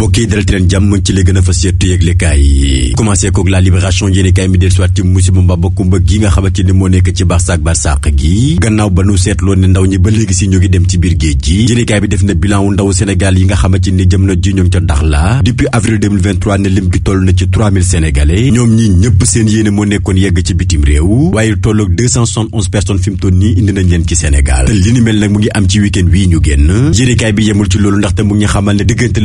mbokk yi dalal leen jàmm ci li gën a fas yéttu yëglekaay yi commencé nga xamante ni moo nekk yéenekaay bi def na bilan wu ndaw Sénégal yi nga xamante ni jëm na ca ndax la depuis avril ne lim gi toll na ci 3000 ñoom ñi ñëpp seen yéene moo nekkoon yegg ci bitim réew waaye toll ak 271 personnes nii indi nañ leen ci Sénégal te li ni mel nag mu ngi am ci week wii ñu génn yéenekaay bi yemul ci loolu ndaxte mu ngi xamal ne diggante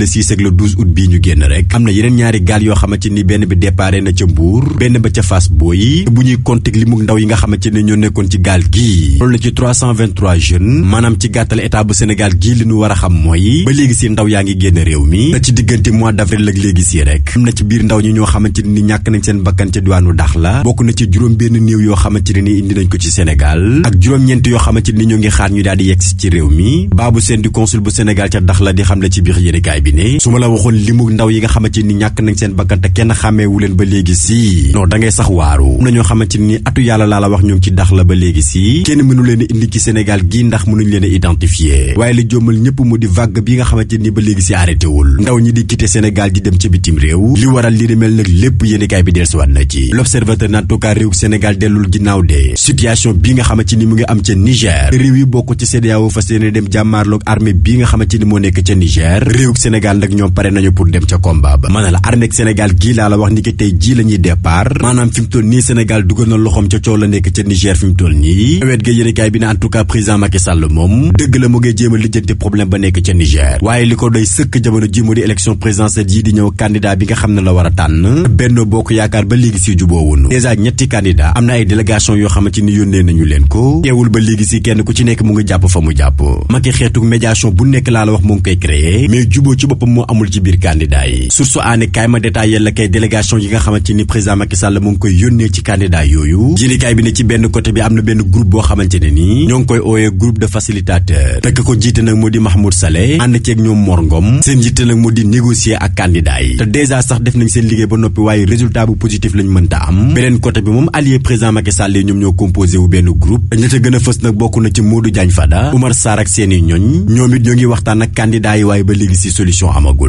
12 août bii ñu génn rek am na yeneen ñaari gaal yoo xamante ni benn bi déparé na ca Mbour benn ba ca Fass Boye bu ñuy compter li mu ndaw yi nga xamante ne ñoo nekkoon ci gaal gii loolu na ci 323 jeunes maanaam ci gàttal état bu Sénégal gii li ñu war a xam mooy ba léegi si ndaw yaa ngi génn réew mi da ci diggante mois d'avril ak léegi si rek am na ci biir ndaw ñi ñoo xamante ni ñàkk nañ seen bakkan ca diwaanu Dakhla bokk na ci juróom benn néew yoo xamante ne ni indi nañ ko ci Sénégal ak juróom-ñeent yoo xamante ni ñoo ngi xaar ñu daal di yegg si ci réew mi baabu seen di consul bu Sénégal ca di xam la ci biir yéenekaay bi ne waxoon limug ndaw yi nga xamante ni ñàkk nañ seen bakkan te kenn xàmmeewu leen ba léegi si non da ngay sax waaru na ñoo xamante ni atu yàlla laa la wax ñoom ci dax la ba léegi si kenn mënu leen a indi ci Sénégal gii ndax mënuñ leen a identifier waaye li jommal ñëpp mu di vague bi nga xamante ni ba léegi si arrêté wul ndaw ñi di quitter Sénégal di dem ci bitim réew li waral li demel nag lépp yéenekaay bi dellusiwaat na ci l'observateur naan tookaa réew Sénégal dellul ginnaaw de situation bi nga xamante ni mu ngi am ca Niger réew yi bokk ci CEDEAO fas yéene dem jàmmaarloog armée bi nga xamante ni moo nekk ca Niger réew Sénégal nag ñoom pare nañu pour dem ca combat ba ma la armée Sénégal gii laa la wax ni ki tey jii la ñuy maanaam fi mu nii Sénégal dugal na loxoom ca la nekk ca Niger fi mu toll nii wet ga yéenekaay bi ne en président Macky Sall moom dëgg la mu ngi jéem lijjanti problème ba nekk ca Niger waaye li ko doy sëkk jamono ji mu di élection présidentielle yi di ñëw candidat bi nga xam ne la war a tànn Benno Bokk Yaakaar ba léegi si jubóowunu dèjà ñetti candidat am na ay délégation yoo ko teewul ba léegi si kenn ku ci bu nekk laa la wax mu ngi bokkul ci biir candidat yi sursu aane kaay ma détaillé la kay délégation yi nga xamante ni président Macky Sall mu ngi koy yónnee ci candidat yooyu yéenekaay bi ne ci benn côté bi am na benn groupe boo xamante ne nii ñoo ngi koy ooyee groupe de facilitateur tëkk ko jiite nag moo di Mahmoud Saleh ànd ceeg ñoom Mor Ngom seen yitte nag moo di négocier ak candidat yi te dèjà sax def nañ seen liggéey ba noppi waaye résultat bu positif lañ mënta am beneen moom allié président Macky Sall yi ñoom ñoo composé wu benn groupe ña ca gën a fës nag bokk na ci Modou Diagne Fada Oumar Sarr ak seeni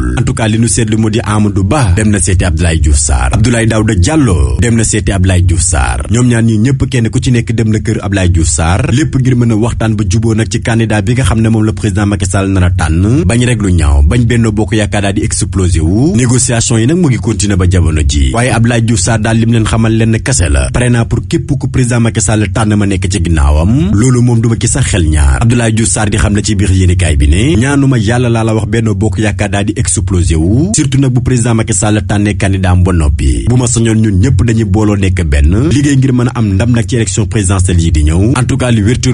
amul en tout cas li nu seetlu mu di Amadou Ba dem na seeti Abdoulaye Diouf Sarr Abdoulaye Daouda Diallo dem na seeti Abdoulaye Diouf Sarr ñoom ñaan ñi ñëpp kenn ku ci nekk dem na kër Abdoulaye Diouf Sarr lépp ngir mën a waxtaan ba juboo nag ci candidat bi nga xam ne moom la président Macky Sall nar a tànn bañ rek lu ñaaw bañ Benno Bokk Yaakaar daal di explosé wu négociation yi nag mu ngi continué ba jamono ji waaye Abdoulaye Diouf Sarr daal lim leen xamal lenn kese la pare naa pour képp ku président Macky Sall tànn ma nekk ci ginnaawam loolu moom duma ci sax xel ñaar Abdoulaye Diouf Sarr di xam ne ci biir yéenekaay bi ne ñaanuma yàlla laa la wax Benno Bokk Yaakaar daal di explosé surtout nag bu président Macky tànnee candidat am ba noppi bu ñun ñëpp dañuy booloo nekk benn liggéey ngir mën a am ndam nag ci élection présidentielle yi di ñëw en tout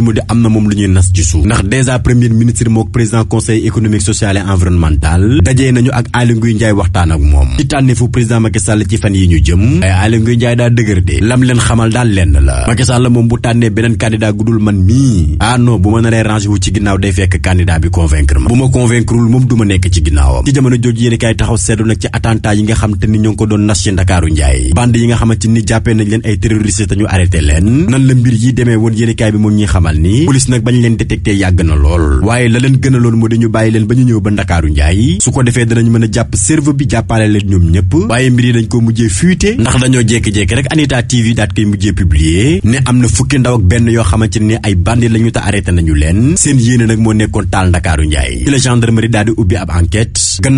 mu di am na moom lu ñuy nas ci ndax dèjà premier ministre mook président conseil économique social et environnemental dajee nañu ak Aly Ngouille Ndiaye waxtaan ak moom ci tànneefu président Macky ci fan yi ñu jëm ay Aly Ngouille Ndiaye daa dëgër de lam leen xamal daal jamono jooju yéen kaay taxaw seetlu nag ci attentat yi nga xam te ni ñoo ngi ko doon nas ci Ndakaaru njaay bande yi nga xamante ni jàppee nañ leen ay terroriste te ñu nan la mbir yi demee woon yéen bi moom ñuy xamal ni police nag bañ leen détecté yàgg na lool waaye la leen gën a lool moo dañu bàyyi leen ba ñu ñëw ba Ndakaaru njaay su ko defee danañ mën a jàpp serve bi jàppaale leen ñoom ñëpp waaye mbir yi dañ ko mujjee fuité ndax dañoo jékki-jékki rek Anita TV daat koy mujjee publier ne am na fukki ndaw ak benn yoo xamante ni ay bandi lañu te arrêté nañu leen seen yéene nag moo nekkoon taal Ndakaaru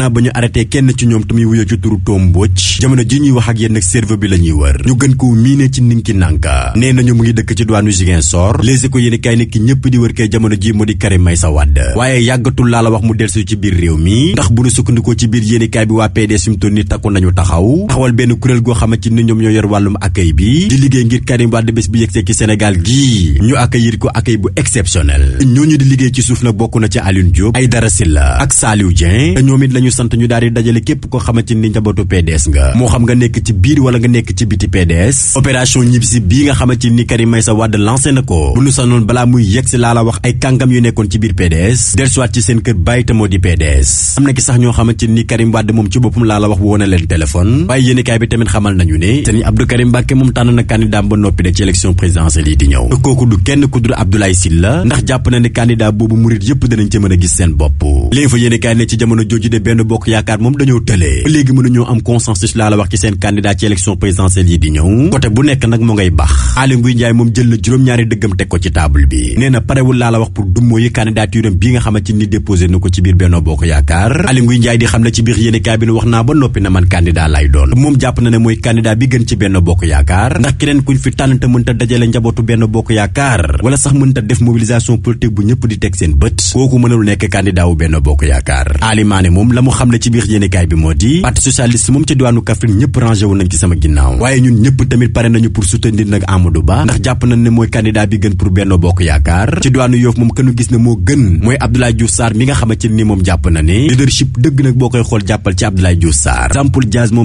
gannaaw ba ñu arrêté kenn ci ñoom tamuy wuyo ci turu Tom Mbodj jamono ji ñuy wax ak yéen nag cerveau bi la ñuy wër ñu gën koo miine ci ninki nanka nee nañu mu ngi dëkk ci duwaanu Ziguinchor Les Échos yéen kay ki ñëpp di wër kay jamono ji mu di Karim Meïssa Wade waaye yàggatul laa la wax mu delsu ci biir réew mi ndax bu ñu sukkandikoo ci biir yéen kay bi waa PDS mu toll ni takku nañu taxaw taxawal benn kuréel goo xamante ni ñoom ñoo yor wàllum accueil bi di liggéey ngir Karim Wade bés bi yegsee ci Sénégal gii ñu accueillir ko accueil liggéey ci suuf nag bokk na ci Alioune Diop Aïdara Silla ak sant ñu daal di dajale képp ko koo xamante ni njabootu PDS nga moo xam nga nekk ci biir wala nga nekk ci biti PDS opération ñibbisi bii nga xamante ni Karim Meïssa Wade lancé na ko bu nu sanoon balaa muy yegg laa la wax ay kàngam yu nekkoon ci biir PDS dellusiwaat ci seen kër bàyyi te moo di PDS am na ki sax ñoo xamante ni Karim Wade moom ci boppam laa la wax woon na leen téléphone waaye yéenekaay bi tamit xamal nañu ne te ni Abdou Karim Mbacke moom tànn na ba noppi de ci élection présidentielle yi di ñëw te kooku du kenn ku dul Abdoulaye jàpp na ne candidat boobu murit yëpp danañ ci a gis seen bopp léegi ci jamono jooju de benn bokk yaakaar moom dañoo tëlee ba léegi mënuñoo am consensus laa la wax ci seen candidat ci élection présidentielle yi di ñëw côté bu nekk nag mu ngay baax Aly Ngouille Ndiaye moom jël na juróom-ñaari dëggam teg ko ci table bi nee na parewul laa la wax pour dummoo yi candidature am bii nga xamante ni déposé na ko ci biir Benno Bokk Yaakaar Aly Ngouille Ndiaye di xam ne ci biir yéenekaay bi wax naa ba noppi na man candidat lay doon moom jàpp na ne mooy candidat bu ñëpp di teg seen bët kooku mënul nekk candidat wu Benno Bokk Yaakaar Aly Mané moom la xam ne ci bi moo di parti socialiste moom ci diwaanu Kaffrine ñëpp rangé wu nañ ci sama ginnaaw waaye ñun ñëpp tamit pare nañu pour soutenir nag Amadou Ba ndax jàpp nañ ne ne moo gën mooy Abdoulaye ne leadership dëgg nag boo koy xool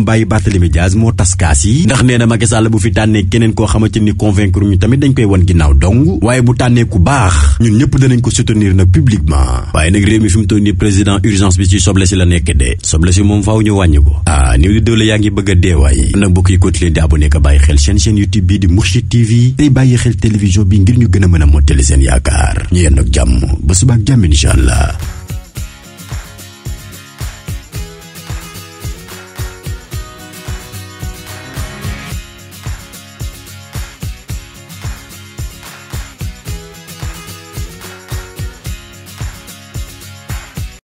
bàyyi Barthélémy Dias moo taskaas yi ndax nee na Macky Sall bu fi tànnee keneen koo xamante ni convaincre ñu tamit dañ koy wan ginnaaw dong waaye bu tànnee ku baax ñun ñëpp danañ ko soutenir nag publiquement waaye nag réew mi fi mu toll président urgence bi ci soble si la nekk lekk de soble si moom faaw ñu wàññi ko ah di doole yaa ngi bëgg a deewaay nag bokk yi continuer di abonné ko bàyyi xel seen chaîne YouTube bii di Mourchid TV tey bàyyi xel télévision bi ngir ñu gën a mën a mottali seen yaakaar ñu yenn ak jàmm ba subaak jàmm incha allah